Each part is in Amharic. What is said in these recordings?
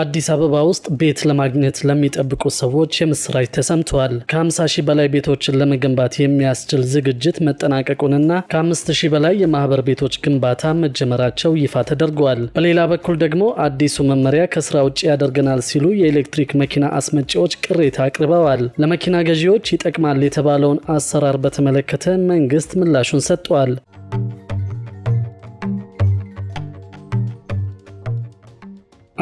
አዲስ አበባ ውስጥ ቤት ለማግኘት ለሚጠብቁ ሰዎች የምስራች ተሰምተዋል። ከ50 ሺህ በላይ ቤቶችን ለመገንባት የሚያስችል ዝግጅት መጠናቀቁንና ከ5 ሺህ በላይ የማህበር ቤቶች ግንባታ መጀመራቸው ይፋ ተደርገዋል። በሌላ በኩል ደግሞ አዲሱ መመሪያ ከስራ ውጭ ያደርገናል ሲሉ የኤሌክትሪክ መኪና አስመጪዎች ቅሬታ አቅርበዋል። ለመኪና ገዢዎች ይጠቅማል የተባለውን አሰራር በተመለከተ መንግስት ምላሹን ሰጥቷል።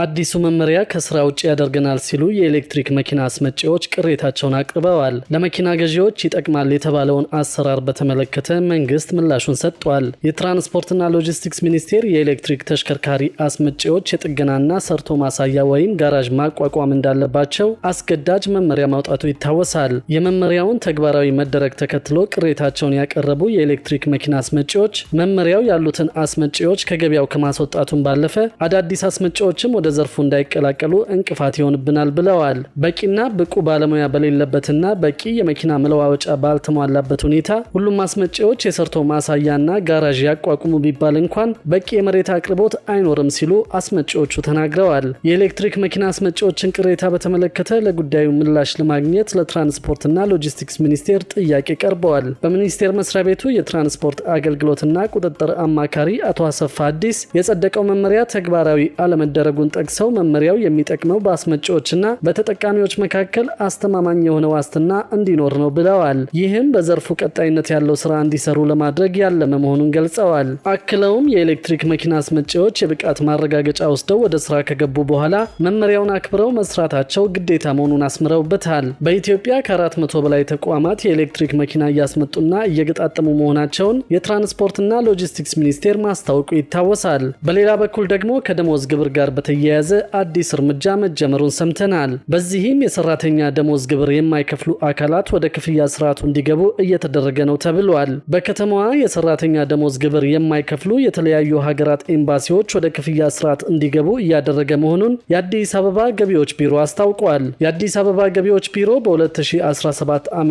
አዲሱ መመሪያ ከስራ ውጭ ያደርገናል ሲሉ የኤሌክትሪክ መኪና አስመጪዎች ቅሬታቸውን አቅርበዋል። ለመኪና ገዢዎች ይጠቅማል የተባለውን አሰራር በተመለከተ መንግስት ምላሹን ሰጥቷል። የትራንስፖርትና ሎጂስቲክስ ሚኒስቴር የኤሌክትሪክ ተሽከርካሪ አስመጪዎች የጥገናና ሰርቶ ማሳያ ወይም ጋራዥ ማቋቋም እንዳለባቸው አስገዳጅ መመሪያ ማውጣቱ ይታወሳል። የመመሪያውን ተግባራዊ መደረግ ተከትሎ ቅሬታቸውን ያቀረቡ የኤሌክትሪክ መኪና አስመጪዎች መመሪያው ያሉትን አስመጪዎች ከገበያው ከማስወጣቱን ባለፈ አዳዲስ አስመጪዎችም ወደ ዘርፉ እንዳይቀላቀሉ እንቅፋት ይሆንብናል ብለዋል። በቂና ብቁ ባለሙያ በሌለበትና በቂ የመኪና መለዋወጫ ባልተሟላበት ሁኔታ ሁሉም ማስመጪዎች የሰርቶ ማሳያና ጋራዥ ያቋቁሙ ቢባል እንኳን በቂ የመሬት አቅርቦት አይኖርም ሲሉ አስመጪዎቹ ተናግረዋል። የኤሌክትሪክ መኪና አስመጪዎችን ቅሬታ በተመለከተ ለጉዳዩ ምላሽ ለማግኘት ለትራንስፖርትና ሎጂስቲክስ ሚኒስቴር ጥያቄ ቀርበዋል። በሚኒስቴር መስሪያ ቤቱ የትራንስፖርት አገልግሎትና ቁጥጥር አማካሪ አቶ አሰፋ አዲስ የጸደቀው መመሪያ ተግባራዊ አለመደረጉን መሆኑን ጠቅሰው መመሪያው የሚጠቅመው በአስመጪዎችና በተጠቃሚዎች መካከል አስተማማኝ የሆነ ዋስትና እንዲኖር ነው ብለዋል። ይህም በዘርፉ ቀጣይነት ያለው ስራ እንዲሰሩ ለማድረግ ያለመ መሆኑን ገልጸዋል። አክለውም የኤሌክትሪክ መኪና አስመጪዎች የብቃት ማረጋገጫ ወስደው ወደ ስራ ከገቡ በኋላ መመሪያውን አክብረው መስራታቸው ግዴታ መሆኑን አስምረውበታል። በኢትዮጵያ ከአራት መቶ በላይ ተቋማት የኤሌክትሪክ መኪና እያስመጡና እየገጣጠሙ መሆናቸውን የትራንስፖርትና ሎጂስቲክስ ሚኒስቴር ማስታወቁ ይታወሳል። በሌላ በኩል ደግሞ ከደሞዝ ግብር ጋር በተያ እየያዘ አዲስ እርምጃ መጀመሩን ሰምተናል። በዚህም የሰራተኛ ደሞዝ ግብር የማይከፍሉ አካላት ወደ ክፍያ ስርዓቱ እንዲገቡ እየተደረገ ነው ተብሏል። በከተማዋ የሰራተኛ ደሞዝ ግብር የማይከፍሉ የተለያዩ ሀገራት ኤምባሲዎች ወደ ክፍያ ስርዓት እንዲገቡ እያደረገ መሆኑን የአዲስ አበባ ገቢዎች ቢሮ አስታውቋል። የአዲስ አበባ ገቢዎች ቢሮ በ2017 ዓ ም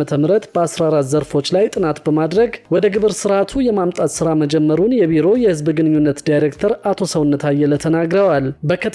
በ14 ዘርፎች ላይ ጥናት በማድረግ ወደ ግብር ስርዓቱ የማምጣት ስራ መጀመሩን የቢሮ የህዝብ ግንኙነት ዳይሬክተር አቶ ሰውነት አየለ ተናግረዋል።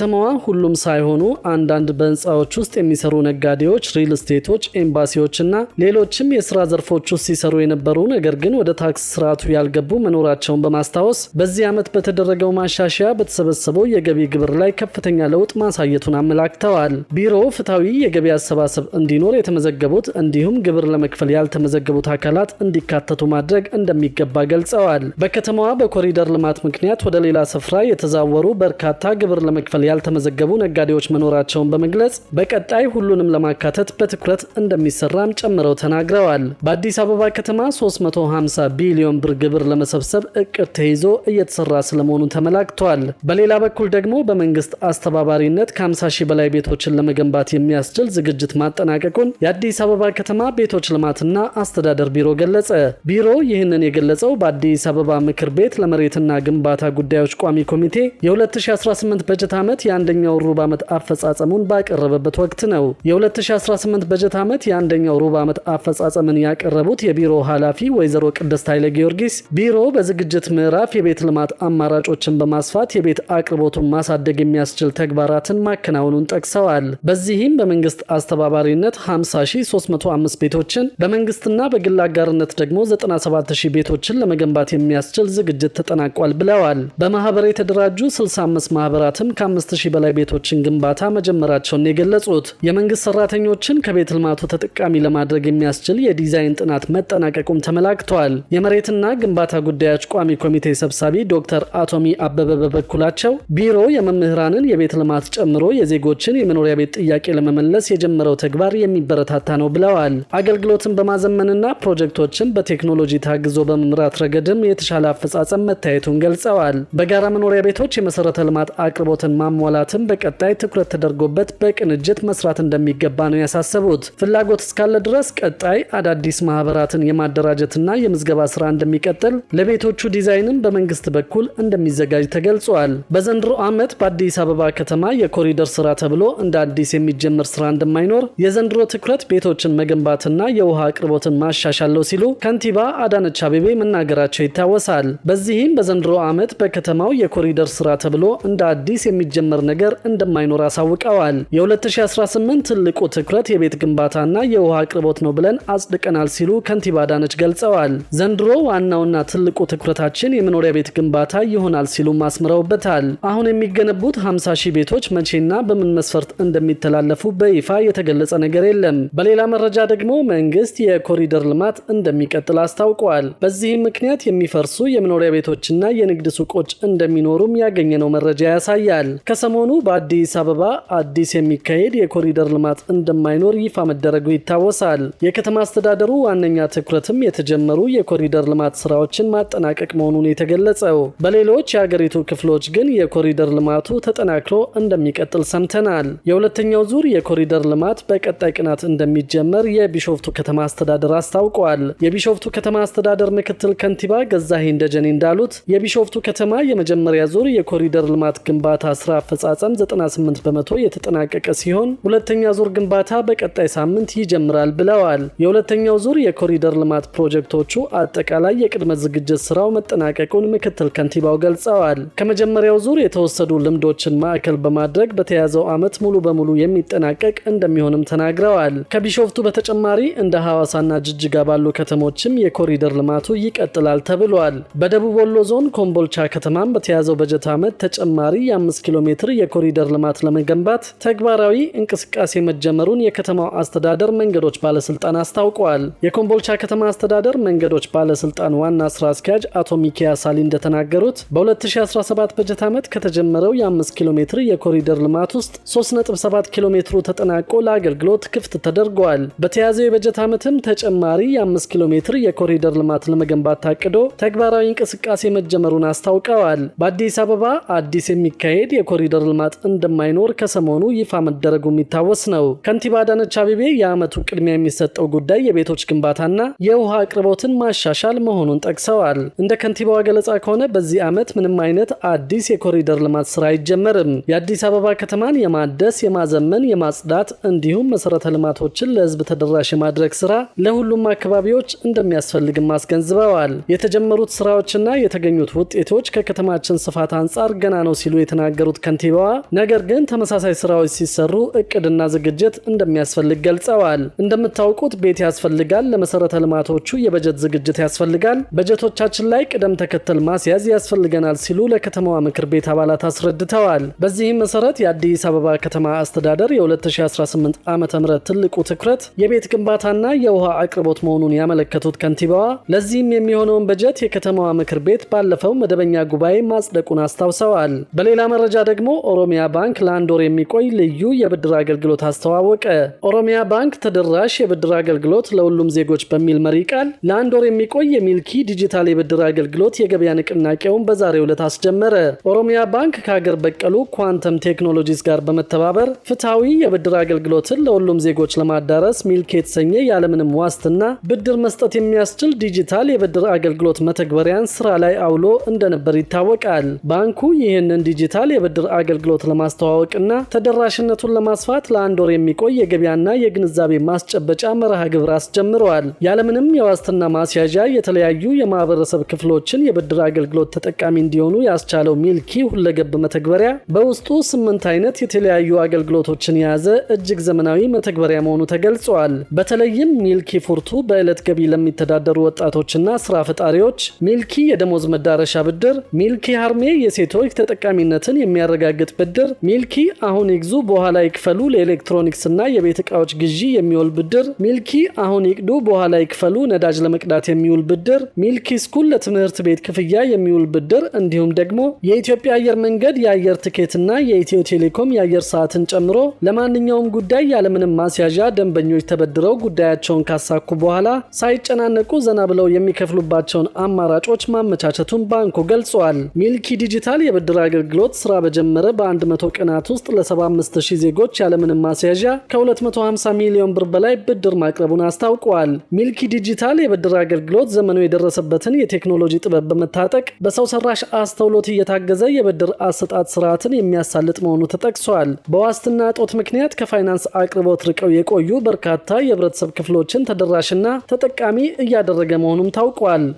በከተማዋ ሁሉም ሳይሆኑ አንዳንድ በህንፃዎች ውስጥ የሚሰሩ ነጋዴዎች፣ ሪል ስቴቶች፣ ኤምባሲዎችና ሌሎችም የስራ ዘርፎች ውስጥ ሲሰሩ የነበሩ ነገር ግን ወደ ታክስ ስርዓቱ ያልገቡ መኖራቸውን በማስታወስ በዚህ ዓመት በተደረገው ማሻሻያ በተሰበሰበው የገቢ ግብር ላይ ከፍተኛ ለውጥ ማሳየቱን አመላክተዋል። ቢሮው ፍትሐዊ የገቢ አሰባሰብ እንዲኖር የተመዘገቡት እንዲሁም ግብር ለመክፈል ያልተመዘገቡት አካላት እንዲካተቱ ማድረግ እንደሚገባ ገልጸዋል። በከተማዋ በኮሪደር ልማት ምክንያት ወደ ሌላ ስፍራ የተዛወሩ በርካታ ግብር ለመክፈል ያልተመዘገቡ ነጋዴዎች መኖራቸውን በመግለጽ በቀጣይ ሁሉንም ለማካተት በትኩረት እንደሚሰራም ጨምረው ተናግረዋል። በአዲስ አበባ ከተማ 350 ቢሊዮን ብር ግብር ለመሰብሰብ እቅድ ተይዞ እየተሰራ ስለመሆኑ ተመላክቷል። በሌላ በኩል ደግሞ በመንግስት አስተባባሪነት ከ50 ሺህ በላይ ቤቶችን ለመገንባት የሚያስችል ዝግጅት ማጠናቀቁን የአዲስ አበባ ከተማ ቤቶች ልማትና አስተዳደር ቢሮ ገለጸ። ቢሮ ይህንን የገለጸው በአዲስ አበባ ምክር ቤት ለመሬትና ግንባታ ጉዳዮች ቋሚ ኮሚቴ የ2018 በጀት ዓመት የአንደኛው ሩብ ዓመት አፈጻጸሙን ባቀረበበት ወቅት ነው። የ2018 በጀት ዓመት የአንደኛው ሩብ ዓመት አፈጻጸምን ያቀረቡት የቢሮ ኃላፊ ወይዘሮ ቅድስት ኃይለ ጊዮርጊስ ቢሮ በዝግጅት ምዕራፍ የቤት ልማት አማራጮችን በማስፋት የቤት አቅርቦቱን ማሳደግ የሚያስችል ተግባራትን ማከናወኑን ጠቅሰዋል። በዚህም በመንግስት አስተባባሪነት 50305 ቤቶችን በመንግስትና በግል አጋርነት ደግሞ 97000 ቤቶችን ለመገንባት የሚያስችል ዝግጅት ተጠናቋል ብለዋል። በማህበር የተደራጁ 65 ማህበራትም ከ 5000 ከ3000 በላይ ቤቶችን ግንባታ መጀመራቸውን የገለጹት የመንግስት ሰራተኞችን ከቤት ልማቱ ተጠቃሚ ለማድረግ የሚያስችል የዲዛይን ጥናት መጠናቀቁም ተመላክቷል። የመሬትና ግንባታ ጉዳዮች ቋሚ ኮሚቴ ሰብሳቢ ዶክተር አቶሚ አበበ በበኩላቸው ቢሮ የመምህራንን የቤት ልማት ጨምሮ የዜጎችን የመኖሪያ ቤት ጥያቄ ለመመለስ የጀመረው ተግባር የሚበረታታ ነው ብለዋል። አገልግሎትን በማዘመንና ፕሮጀክቶችን በቴክኖሎጂ ታግዞ በመምራት ረገድም የተሻለ አፈጻጸም መታየቱን ገልጸዋል። በጋራ መኖሪያ ቤቶች የመሰረተ ልማት አቅርቦትን ማሟ ለማሟላትም በቀጣይ ትኩረት ተደርጎበት በቅንጅት መስራት እንደሚገባ ነው ያሳሰቡት። ፍላጎት እስካለ ድረስ ቀጣይ አዳዲስ ማህበራትን የማደራጀትና የምዝገባ ስራ እንደሚቀጥል፣ ለቤቶቹ ዲዛይንም በመንግስት በኩል እንደሚዘጋጅ ተገልጿል። በዘንድሮ ዓመት በአዲስ አበባ ከተማ የኮሪደር ስራ ተብሎ እንደ አዲስ የሚጀምር ስራ እንደማይኖር፣ የዘንድሮ ትኩረት ቤቶችን መገንባትና የውሃ አቅርቦትን ማሻሻለው ሲሉ ከንቲባ አዳነች አቤቤ መናገራቸው ይታወሳል። በዚህም በዘንድሮ ዓመት በከተማው የኮሪደር ስራ ተብሎ እንደ አዲስ የሚጀምር የሚጨምር ነገር እንደማይኖር አሳውቀዋል። የ2018 ትልቁ ትኩረት የቤት ግንባታና የውሃ አቅርቦት ነው ብለን አጽድቀናል ሲሉ ከንቲባ አዳነች ገልጸዋል። ዘንድሮ ዋናውና ትልቁ ትኩረታችን የመኖሪያ ቤት ግንባታ ይሆናል ሲሉም አስምረውበታል። አሁን የሚገነቡት 50 ሺህ ቤቶች መቼና በምን መስፈርት እንደሚተላለፉ በይፋ የተገለጸ ነገር የለም። በሌላ መረጃ ደግሞ መንግስት የኮሪደር ልማት እንደሚቀጥል አስታውቋል። በዚህም ምክንያት የሚፈርሱ የመኖሪያ ቤቶችና የንግድ ሱቆች እንደሚኖሩም ያገኘነው መረጃ ያሳያል። ከሰሞኑ በአዲስ አበባ አዲስ የሚካሄድ የኮሪደር ልማት እንደማይኖር ይፋ መደረጉ ይታወሳል። የከተማ አስተዳደሩ ዋነኛ ትኩረትም የተጀመሩ የኮሪደር ልማት ስራዎችን ማጠናቀቅ መሆኑን የተገለጸው፣ በሌሎች የአገሪቱ ክፍሎች ግን የኮሪደር ልማቱ ተጠናክሮ እንደሚቀጥል ሰምተናል። የሁለተኛው ዙር የኮሪደር ልማት በቀጣይ ቅናት እንደሚጀመር የቢሾፍቱ ከተማ አስተዳደር አስታውቋል። የቢሾፍቱ ከተማ አስተዳደር ምክትል ከንቲባ ገዛሄ እንደጀኔ እንዳሉት የቢሾፍቱ ከተማ የመጀመሪያ ዙር የኮሪደር ልማት ግንባታ ስራ አፈጻጸም 98 በመቶ የተጠናቀቀ ሲሆን ሁለተኛ ዙር ግንባታ በቀጣይ ሳምንት ይጀምራል ብለዋል። የሁለተኛው ዙር የኮሪደር ልማት ፕሮጀክቶቹ አጠቃላይ የቅድመ ዝግጅት ስራው መጠናቀቁን ምክትል ከንቲባው ገልጸዋል። ከመጀመሪያው ዙር የተወሰዱ ልምዶችን ማዕከል በማድረግ በተያዘው ዓመት ሙሉ በሙሉ የሚጠናቀቅ እንደሚሆንም ተናግረዋል። ከቢሾፍቱ በተጨማሪ እንደ ሐዋሳና ጅጅጋ ባሉ ከተሞችም የኮሪደር ልማቱ ይቀጥላል ተብሏል። በደቡብ ወሎ ዞን ኮምቦልቻ ከተማም በተያዘው በጀት ዓመት ተጨማሪ የ5 ኪሎ ሜ ሜትር የኮሪደር ልማት ለመገንባት ተግባራዊ እንቅስቃሴ መጀመሩን የከተማው አስተዳደር መንገዶች ባለስልጣን አስታውቀዋል። የኮምቦልቻ ከተማ አስተዳደር መንገዶች ባለስልጣን ዋና ስራ አስኪያጅ አቶ ሚኪያ ሳሊ እንደተናገሩት በ2017 በጀት ዓመት ከተጀመረው የ5 ኪሎ ሜትር የኮሪደር ልማት ውስጥ 37 ኪሎ ሜትሩ ተጠናቆ ለአገልግሎት ክፍት ተደርጓል። በተያዘው የበጀት ዓመትም ተጨማሪ የ5 ኪሎ ሜትር የኮሪደር ልማት ለመገንባት ታቅዶ ተግባራዊ እንቅስቃሴ መጀመሩን አስታውቀዋል። በአዲስ አበባ አዲስ የሚካሄድ የኮሪ የኮሪደር ልማት እንደማይኖር ከሰሞኑ ይፋ መደረጉ የሚታወስ ነው። ከንቲባ አዳነች አቤቤ የዓመቱ ቅድሚያ የሚሰጠው ጉዳይ የቤቶች ግንባታና የውሃ አቅርቦትን ማሻሻል መሆኑን ጠቅሰዋል። እንደ ከንቲባዋ ገለጻ ከሆነ በዚህ ዓመት ምንም አይነት አዲስ የኮሪደር ልማት ስራ አይጀመርም። የአዲስ አበባ ከተማን የማደስ የማዘመን፣ የማጽዳት እንዲሁም መሰረተ ልማቶችን ለህዝብ ተደራሽ የማድረግ ስራ ለሁሉም አካባቢዎች እንደሚያስፈልግም አስገንዝበዋል። የተጀመሩት ስራዎችና የተገኙት ውጤቶች ከከተማችን ስፋት አንጻር ገና ነው ሲሉ የተናገሩት ከንቲባዋ፣ ነገር ግን ተመሳሳይ ስራዎች ሲሰሩ እቅድና ዝግጅት እንደሚያስፈልግ ገልጸዋል። እንደምታውቁት ቤት ያስፈልጋል፣ ለመሰረተ ልማቶቹ የበጀት ዝግጅት ያስፈልጋል፣ በጀቶቻችን ላይ ቅደም ተከተል ማስያዝ ያስፈልገናል ሲሉ ለከተማዋ ምክር ቤት አባላት አስረድተዋል። በዚህም መሰረት የአዲስ አበባ ከተማ አስተዳደር የ2018 ዓ ም ትልቁ ትኩረት የቤት ግንባታና የውሃ አቅርቦት መሆኑን ያመለከቱት ከንቲባዋ ለዚህም የሚሆነውን በጀት የከተማዋ ምክር ቤት ባለፈው መደበኛ ጉባኤ ማጽደቁን አስታውሰዋል። በሌላ መረጃ ደግሞ ደግሞ ኦሮሚያ ባንክ ለአንድ ወር የሚቆይ ልዩ የብድር አገልግሎት አስተዋወቀ። ኦሮሚያ ባንክ ተደራሽ የብድር አገልግሎት ለሁሉም ዜጎች በሚል መሪ ቃል ለአንድ ወር የሚቆይ የሚልኪ ዲጂታል የብድር አገልግሎት የገበያ ንቅናቄውን በዛሬው ዕለት አስጀመረ። ኦሮሚያ ባንክ ከሀገር በቀሉ ኳንተም ቴክኖሎጂስ ጋር በመተባበር ፍትሐዊ የብድር አገልግሎትን ለሁሉም ዜጎች ለማዳረስ ሚልኪ የተሰኘ ያለምንም ዋስትና ብድር መስጠት የሚያስችል ዲጂታል የብድር አገልግሎት መተግበሪያን ስራ ላይ አውሎ እንደነበር ይታወቃል። ባንኩ ይህንን ዲጂታል የብድር አገልግሎት ለማስተዋወቅና ተደራሽነቱን ለማስፋት ለአንድ ወር የሚቆይ የገበያና የግንዛቤ ማስጨበጫ መርሃ ግብር አስጀምረዋል። ያለምንም የዋስትና ማስያዣ የተለያዩ የማህበረሰብ ክፍሎችን የብድር አገልግሎት ተጠቃሚ እንዲሆኑ ያስቻለው ሚልኪ ሁለገብ መተግበሪያ በውስጡ ስምንት አይነት የተለያዩ አገልግሎቶችን የያዘ እጅግ ዘመናዊ መተግበሪያ መሆኑ ተገልጿል። በተለይም ሚልኪ ፉርቱ በዕለት ገቢ ለሚተዳደሩ ወጣቶችና ስራ ፈጣሪዎች፣ ሚልኪ የደሞዝ መዳረሻ ብድር፣ ሚልኪ ሀርሜ የሴቶች ተጠቃሚነትን የሚያረጋ የሚያረጋግጥ ብድር ሚልኪ አሁን ይግዙ በኋላ ይክፈሉ ለኤሌክትሮኒክስ እና የቤት እቃዎች ግዢ የሚውል ብድር ሚልኪ አሁን ይቅዱ በኋላ ይክፈሉ ነዳጅ ለመቅዳት የሚውል ብድር ሚልኪ ስኩል ለትምህርት ቤት ክፍያ የሚውል ብድር እንዲሁም ደግሞ የኢትዮጵያ አየር መንገድ የአየር ትኬትና የኢትዮ ቴሌኮም የአየር ሰዓትን ጨምሮ ለማንኛውም ጉዳይ ያለምንም ማስያዣ ደንበኞች ተበድረው ጉዳያቸውን ካሳኩ በኋላ ሳይጨናነቁ ዘና ብለው የሚከፍሉባቸውን አማራጮች ማመቻቸቱን ባንኩ ገልጿል። ሚልኪ ዲጂታል የብድር አገልግሎት ስራ በጀ ከተጀመረ በ100 ቀናት ውስጥ ለ75000 ዜጎች ያለምንም ማስያዣ ከ250 ሚሊዮን ብር በላይ ብድር ማቅረቡን አስታውቋል። ሚልኪ ዲጂታል የብድር አገልግሎት ዘመኑ የደረሰበትን የቴክኖሎጂ ጥበብ በመታጠቅ በሰው ሰራሽ አስተውሎት እየታገዘ የብድር አሰጣጥ ስርዓትን የሚያሳልጥ መሆኑ ተጠቅሷል። በዋስትና እጦት ምክንያት ከፋይናንስ አቅርቦት ርቀው የቆዩ በርካታ የህብረተሰብ ክፍሎችን ተደራሽና ተጠቃሚ እያደረገ መሆኑም ታውቋል።